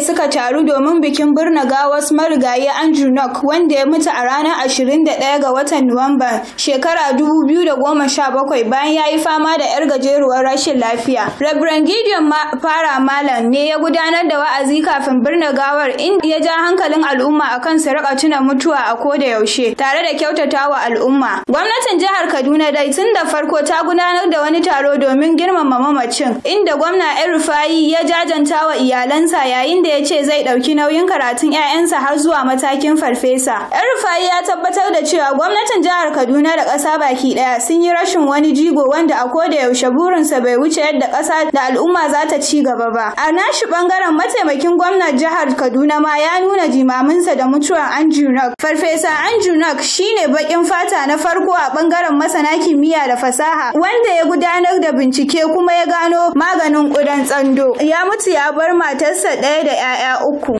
suka taru domin bikin birna gawas marigayi Andrew Knock wanda ya mutu a ranar 21 ga watan Nuwamba shekara 2017 bayan ya yi fama da 'yar gajeruwar rashin lafiya. Reverend Gideon Fara Malam ne ya gudanar da wa'azi kafin birna gawar inda ya ja hankalin al'umma a kan rika tuna mutuwa a koda yaushe tare da kyautata wa al'umma. Gwamnatin jihar Kaduna dai tun da farko ta gudanar da wani taro domin girmama mamacin inda gwamna Erufai ya jajanta wa iyalansa yayin da da ya ce zai ɗauki nauyin karatun 'ya'yansa har zuwa matakin farfesa. Yan Rufai ya tabbatar da cewa gwamnatin jihar Kaduna da ƙasa baki ɗaya sun yi rashin wani jigo wanda a ko da yaushe burinsa bai wuce yadda ƙasa da al'umma za ta ci gaba ba. A nashi ɓangaren mataimakin gwamnan jihar Kaduna ma ya nuna jimaminsa da mutuwar Andrew Farfesa Andrew shi ne baƙin fata na farko a ɓangaren masana kimiyya da fasaha wanda ya gudanar da bincike kuma ya gano maganin ƙudan tsando. Ya mutu ya bar matarsa ɗaya da É, é, é o cu.